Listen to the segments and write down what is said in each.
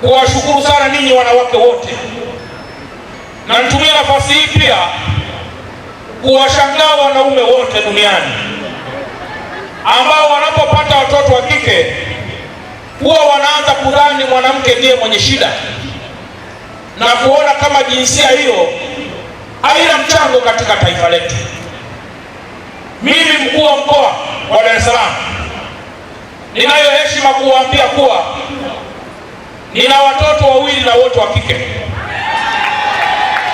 kuwashukuru sana ninyi wanawake wote, na nitumie nafasi hii pia kuwashangaa wanaume wote duniani ambao wanapopata watoto wa kike huwa wanaanza kudhani mwanamke ndiye mwenye shida na kuona kama jinsia hiyo haina mchango katika taifa letu. Mimi mkuu wa mkoa wa Dar es Salaam ninayo heshima kuwaambia kuwa nina watoto wawili na wote wa kike,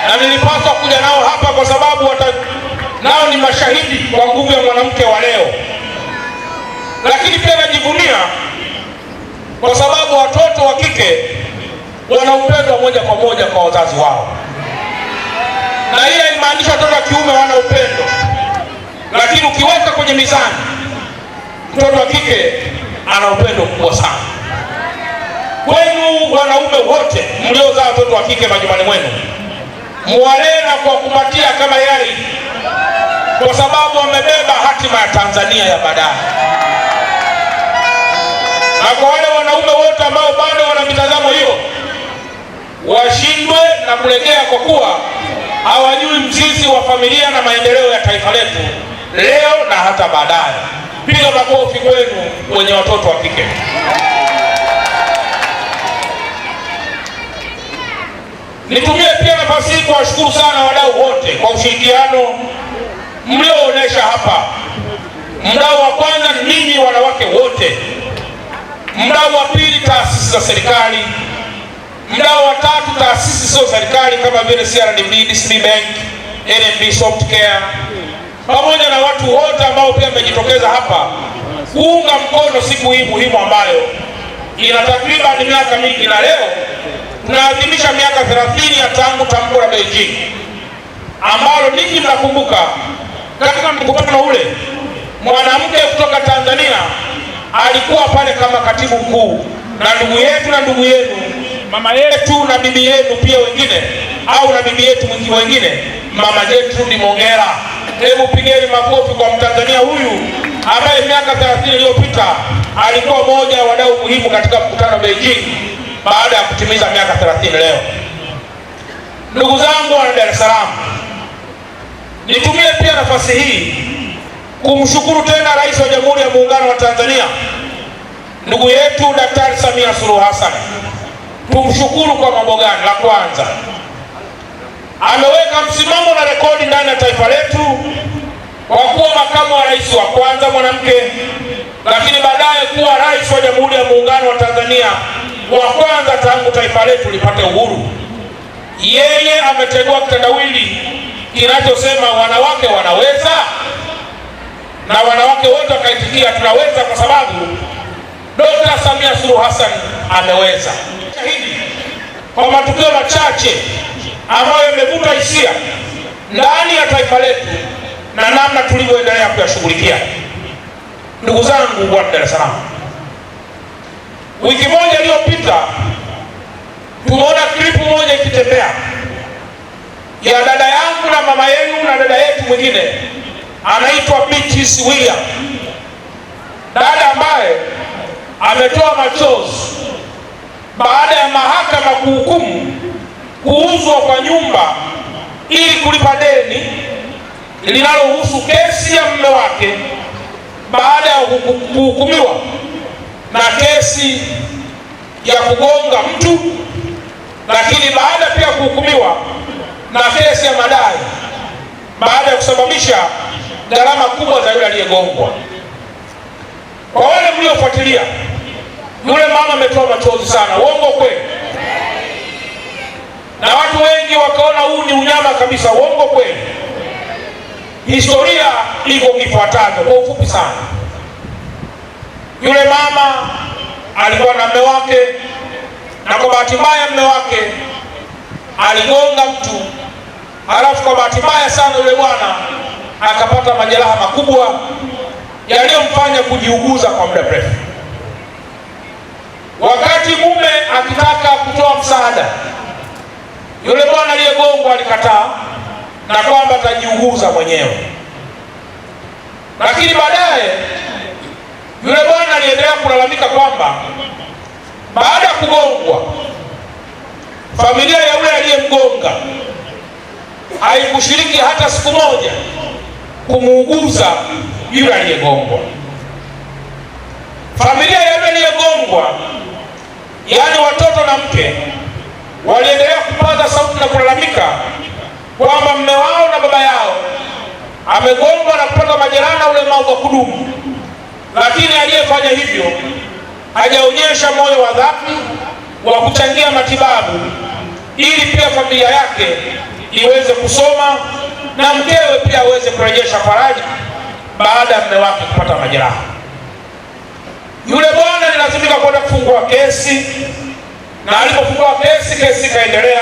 na nilipaswa kuja nao hapa kwa sababu wata, nao ni mashahidi kwa nguvu ya mwanamke wa leo. Lakini pia najivunia kwa sababu watoto wa kike wana upendo moja kwa moja kwa wazazi wao, na ile imaanisha watoto wa kiume wana upendo, lakini ukiweka kwenye mizani, mtoto wa kike ana upendo mkubwa sana kwenu wanaume wote mliozaa watoto wa kike majumbani mwenu, muwalee na kuwakumbatia kama yai, kwa sababu wamebeba hatima ya Tanzania ya baadaye. Na kwa wale wanaume wote ambao bado wana mitazamo hiyo, washindwe na kulegea, kwa kuwa hawajui mzizi wa familia na maendeleo ya taifa letu leo na hata baadaye. Piga makofi kwenu wenye watoto wa kike. Nitumie pia nafasi hii kuwashukuru sana wadau wote kwa ushirikiano mlioonyesha hapa. Mdau wa kwanza ninyi wanawake wote, mdau wa pili taasisi za serikali, mdau wa tatu taasisi sio serikali kama vile CRDB, DCB Bank, NMB Softcare, pamoja na watu wote ambao pia wamejitokeza hapa kuunga mkono siku hii muhimu ambayo ina takriban miaka mingi na leo tunaadhimisha miaka 30 ya tangu tamko la Beijing ambalo ninyi mnakumbuka, katika mkutano ule mwanamke kutoka Tanzania alikuwa pale kama katibu mkuu, na ndugu yetu na ndugu yenu mama yetu na bibi yenu pia wengine, au na bibi yetu wengine, mama ni Mongera. Hebu pigeni makofi kwa mtanzania huyu ambaye miaka 30 iliyopita alikuwa moja ya wadau muhimu katika mkutano wa Beijing baada ya kutimiza miaka 30 leo. Ndugu zangu wana Dar es Salaam, nitumie pia nafasi hii kumshukuru tena Rais wa Jamhuri ya Muungano wa Tanzania ndugu yetu Daktari Samia Suluhu Hassan. Tumshukuru kwa mambo gani? La kwanza ameweka msimamo na rekodi ndani ya taifa letu kwa kuwa makamu wa rais wa kwanza mwanamke, lakini baadaye kuwa rais wa Jamhuri ya Muungano wa Tanzania wa kwanza tangu taifa letu lipate uhuru. Yeye ametegua kitendawili kinachosema wanawake wanaweza, na wanawake wote wakaitikia tunaweza, kwa sababu Dokta Samia Suluhu Hassan ameweza. Hili kwa matukio machache ambayo yamevuta hisia ndani ya taifa letu na namna tulivyoendelea kuyashughulikia. Ndugu zangu wa Dar es Salaam Wiki moja iliyopita tumeona klipu moja ikitembea ya dada yangu na mama yenu na dada yetu mwingine anaitwa Bichi Siwia, dada ambaye ametoa machozi baada ya mahakama kuhukumu kuuzwa kwa nyumba ili kulipa deni linalohusu kesi ya mume wake baada ya kuhukumiwa na kesi ya kugonga mtu, lakini baada pia kuhukumiwa na kesi ya madai, baada ya kusababisha gharama kubwa za yule aliyegongwa. Kwa wale mliofuatilia, yule mama ametoa machozi sana, uongo kweli? Na watu wengi wakaona huu ni unyama kabisa, uongo kweli? Historia iko ifuatayo kwa ufupi sana. Yule mama alikuwa na mme wake, na kwa bahati mbaya mume wake aligonga mtu, halafu kwa bahati mbaya sana yule bwana akapata majeraha makubwa yaliyomfanya kujiuguza kwa muda mrefu. Wakati mume akitaka kutoa msaada, yule bwana aliyegongwa alikataa na kwamba atajiuguza mwenyewe, lakini baadaye yule bwana aliendelea kulalamika kwamba baada ya kugongwa, familia ya yule aliyemgonga haikushiriki hata siku moja kumuuguza yule aliyegongwa. Familia ya yule aliyegongwa, yaani watoto na mke, waliendelea kupaza sauti na kulalamika kwamba mme wao na baba yao amegongwa na kupata majeraha na ulemavu wa kudumu lakini aliyefanya hivyo hajaonyesha moyo wa dhati wa kuchangia matibabu ili pia familia yake iweze kusoma na mkewe pia aweze kurejesha faraja baada ya mume wake kupata majeraha. Yule bwana nilazimika kwenda kufungua kesi, na alipofungua kesi, kesi ikaendelea,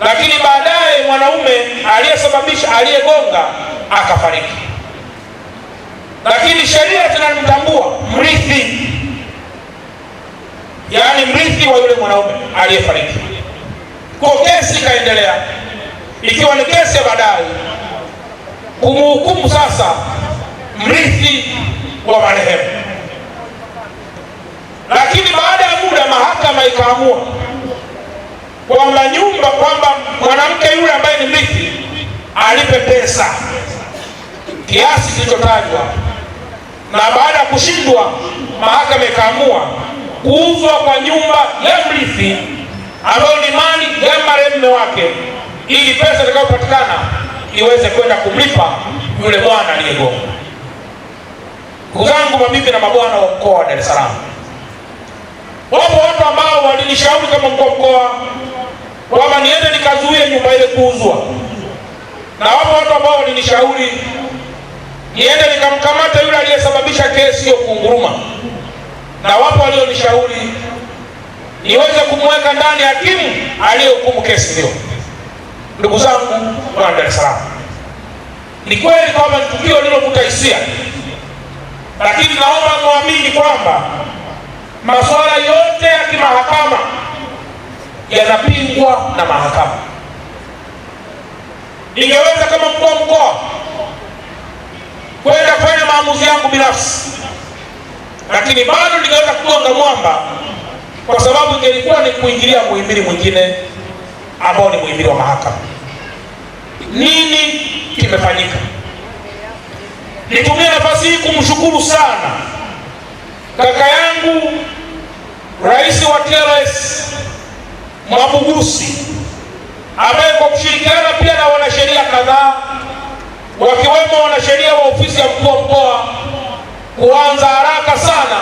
lakini baadaye mwanaume aliyesababisha, aliyegonga akafariki lakini sheria zinamtambua mrithi, yaani mrithi wa yule mwanaume aliyefariki. Kwa kesi ikaendelea, ikiwa ni kesi ya baadaye kumhukumu sasa mrithi wa marehemu. Lakini baada ya muda mahakama ikaamua kwamba nyumba, kwamba mwanamke yule ambaye ni mrithi alipe pesa kiasi kilichotajwa na baada ya kushindwa, mahakama ikaamua kuuzwa kwa nyumba ya mrithi ambayo ni mali ya marehemu wake, ili pesa itakayopatikana iweze kwenda kumlipa yule bwana aliyegonga. Ndugu zangu, mabibi na mabwana wa mkoa wa Dar es Salaam, wapo watu ambao walinishauri kama mkuu wa mkoa kwamba niende nikazuie nyumba ile kuuzwa, na wapo watu ambao walinishauri niende nikamkamata yule aliyesababisha kesi hiyo kunguruma, na wapo walionishauri niweze kumweka ndani hakimu aliyehukumu kesi hiyo. Ndugu zangu wa Dar es Salaam, ni kweli kwamba ni tukio lilovuta hisia, lakini naomba muamini kwamba masuala yote ya kimahakama yanapingwa na mahakama. Ningeweza kama mkuu wa mkoa kwenda kufanya maamuzi yangu binafsi, lakini bado ningeweza kugonga mwamba, kwa sababu ingelikuwa ni kuingilia muhimili mwingine ambao ni muhimili wa mahakama. Nini kimefanyika? Nitumie nafasi hii kumshukuru sana kaka yangu rais wa TLS Mwabugusi ambaye kwa kushirikiana pia na wanasheria kadhaa wakiwemo wanasheria wa ofisi ya mkuu wa mkoa kuanza haraka sana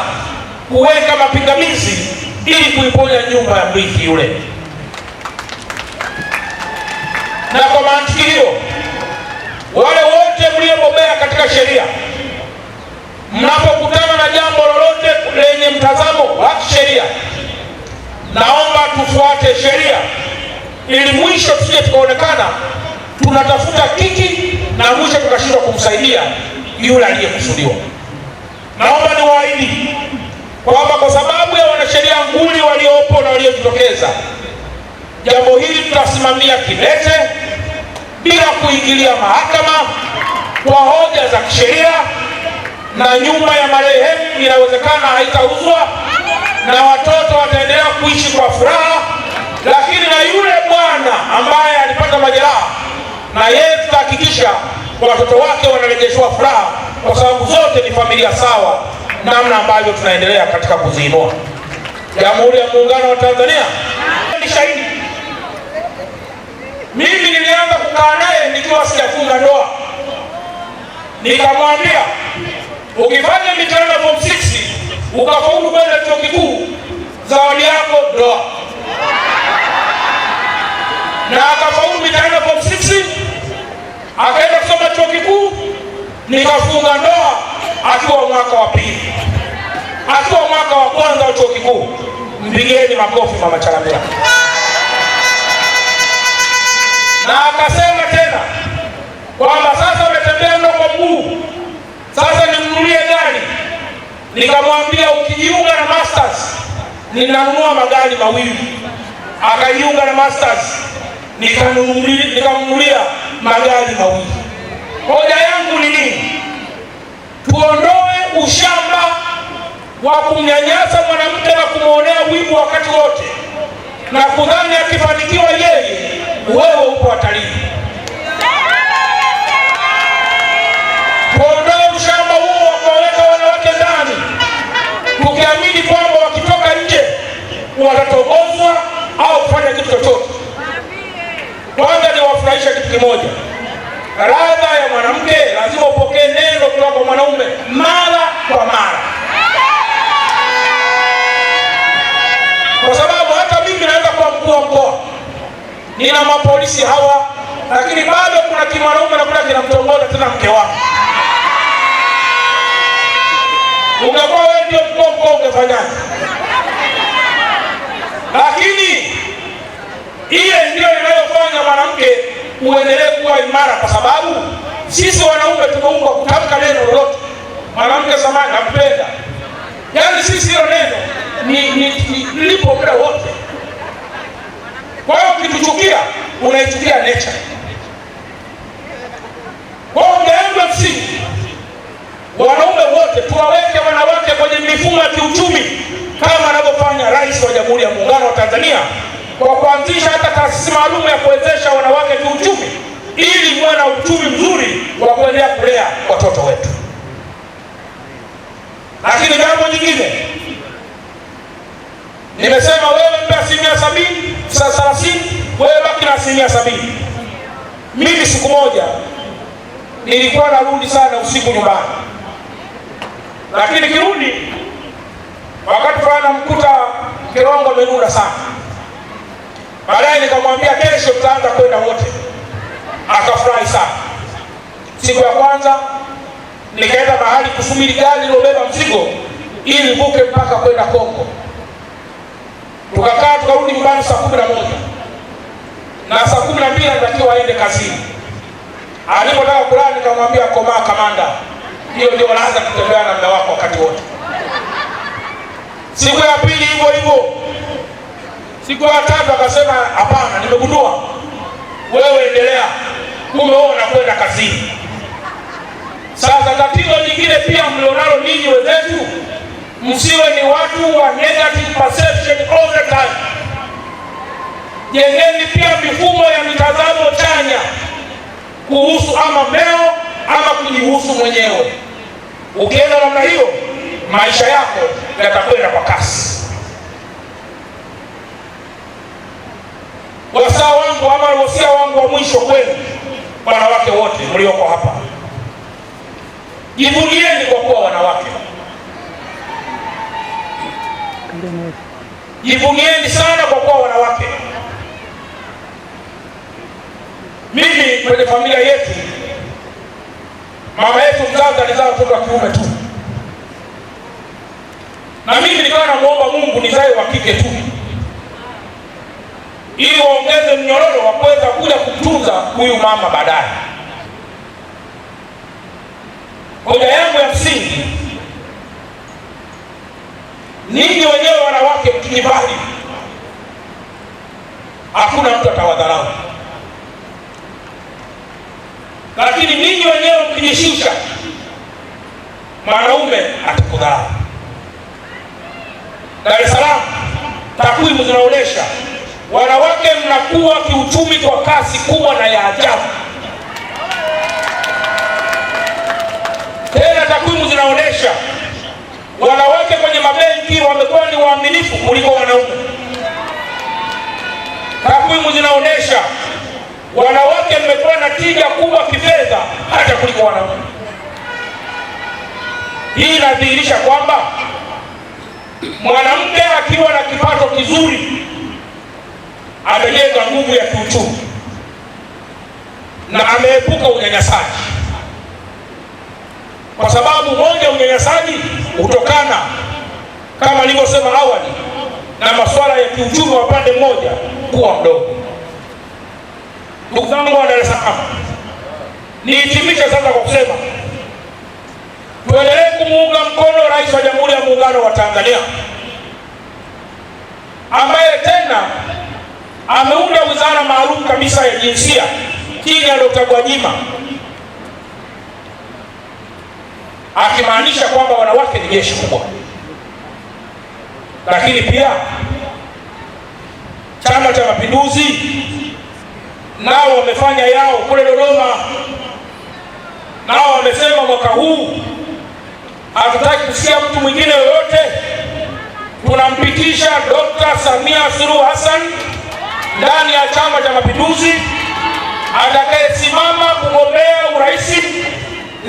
kuweka mapingamizi ili kuiponya nyumba ya mrithi yule. Na kwa mantiki hiyo, wale wote mliobobea katika sheria, mnapokutana na jambo lolote lenye mtazamo wa kisheria, naomba tufuate sheria ili mwisho tusije tukaonekana tunatafuta kiki na mwisho tukashindwa kumsaidia, ni yule aliyekusudiwa. Naomba niwaahidi kwamba kwa sababu ya wanasheria nguli waliopo na waliojitokeza, jambo hili tutasimamia kidete, bila kuingilia mahakama kwa hoja za kisheria, na nyumba ya marehemu inawezekana haitauzwa na watoto wataendelea kuishi kwa furaha, lakini na yule bwana ambaye alipata majeraha na yeye tutahakikisha watoto wake wanarejeshwa furaha, kwa sababu zote ni familia sawa, namna ambavyo tunaendelea katika kuziinua Jamhuri ya Muungano wa Tanzania. Ni shahidi, mimi nilianza kukaa naye nikiwa sijafunga ndoa, nikamwambia ukifanya mitihani ya form 6 ukafaulu kwenda chuo kikuu, zawadi yako ndoa, na akafaulu mitihani ya form 6 akaenda kusoma chuo kikuu, nikafunga ndoa akiwa mwaka wa pili, akiwa mwaka wa kwanza wa chuo kikuu. Mpigeni makofi Mama Chalamila. Na akasema tena kwamba sasa ametembea ndo kwa mguu, sasa nimnunulie gari. Nikamwambia ukijiunga na masters ninanunua magari mawili. Akajiunga na masters nikamnunulia magari mawili. Hoja yangu ni nini? Tuondoe ushamba wa kumnyanyasa mwanamke na kumwonea wivu wakati wote na kudhani akifanikiwa yeye wewe uko hatarini. Tuondoe ushamba huo wa kuwaweka wanawake tukiamini kwamba wakitoka nje watatogozwa au kufanya kitu chochote kufurahisha kitu kimoja, radha ya mwanamke lazima upokee neno kutoka kwa mwanaume mara kwa mara, kwa sababu hata mimi naweza kuwa mkuu wa mkoa, nina mapolisi hawa, lakini bado kuna kimwanaume nakuta kinamtongoza tena mke wako. Ungekuwa wewe ndio mkuu wa mkoa ungefanyaje? Lakini hiye ndio inayofanya mwanamke uendelee kuwa imara, kwa sababu sisi wanaume tumeumbwa kutamka neno lolote. Mwanamke zamani ampenda, yaani sisi hilo neno ni, ni, ni lipo muda wote. Kwa hiyo ukituchukia unaichukia nature. thelathini, wewe baki na asilimia sabini. Mimi siku moja nilikuwa narudi sana usiku nyumbani, lakini nikirudi wakati fulani mkuta kirongo amenuna sana. Baadaye nikamwambia kesho tutaanza kwenda wote, akafurahi sana. Siku ya kwanza nikaenda mahali kusubiri gari lilobeba mzigo ili vuke mpaka kwenda Kongo, tukakaa ukarudi nyumbani saa kumi na moja na saa kumi na mbili anatakiwa aende kazini. Alipotaka kulala, nikamwambia komaa kamanda, hiyo ndio laza kutembea na mda wako wakati wote. Siku ya pili hivyo hivyo, siku ya tatu akasema hapana, nimegundua wewe, endelea umeona wewe unakwenda kazini. Sasa tatizo lingine pia mlionalo ninyi wenzetu, msiwe ni watu wa negative perception all the time. Jengeni pia mifumo ya mitazamo chanya kuhusu ama meo ama kujihusu mwenyewe. Ukienda namna hiyo, maisha yako yatakwenda kwa kasi. Wasaa wangu ama wasia wangu wa mwisho kwenu, wanawake wote mlioko hapa, jivunieni kwa kuwa wanawake, jivunieni sana kwenye familia yetu, mama yetu mzazi alizaa watoto wa kiume tu, na mimi nikawa namuomba Mungu nizae wa kike tu, ili waongeze mnyororo wa kuweza kuja kumtunza huyu mama baadaye. Hoja yangu ya msingi, ninyi wenyewe wanawake mtunibali Dar es Salaam, takwimu zinaonyesha wanawake mnakuwa kiuchumi kwa kasi kubwa na ya ajabu. Tena takwimu zinaonyesha wanawake kwenye mabenki wamekuwa ni waaminifu kuliko wanaume. Takwimu zinaonyesha wanawake mmekuwa na tija kubwa kifedha hata kuliko wanaume. Hii inadhihirisha kwamba Mwanamke akiwa na kipato kizuri amejenga nguvu ya kiuchumi na ameepuka unyanyasaji, kwa sababu moja, unyanyasaji hutokana kama nilivyosema awali na masuala ya kiuchumi wa pande mmoja kuwa mdogo. Ndugu zangu wa Dar es Salaam, nihitimishe sasa kwa kusema tuendelee kumuunga mkono Rais wa Jamhuri ya Muungano wa Tanzania ambaye tena ameunda wizara maalum kabisa ya jinsia chini ya Dkt. Gwajima, akimaanisha kwamba wanawake ni jeshi kubwa. Lakini pia Chama cha Mapinduzi nao wamefanya yao kule Dodoma, nao wamesema mwaka huu hatutaki kusikia mtu mwingine yoyote. Tunampitisha Dkt. Samia Suluhu Hassan ndani ya Chama cha Mapinduzi atakayesimama kugombea urais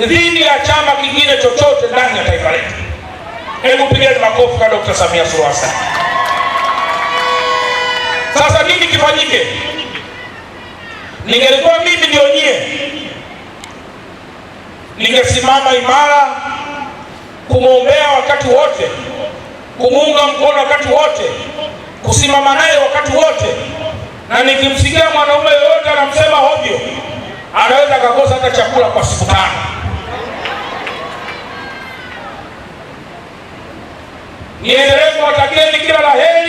dhidi ya chama kingine chochote ndani ya taifa letu. Hebu pigeni makofi kwa Dkt. Samia Suluhu Hassan. Sasa nini kifanyike? Ningelikuwa mimi ndio nyie, ningesimama imara kumwombea wakati wote, kumuunga mkono wakati wote, kusimama naye wakati wote. Na nikimsikia mwanaume yoyote anamsema ovyo, anaweza akakosa hata chakula kwa siku tano. Niendelee kuwatakieni kila la heri.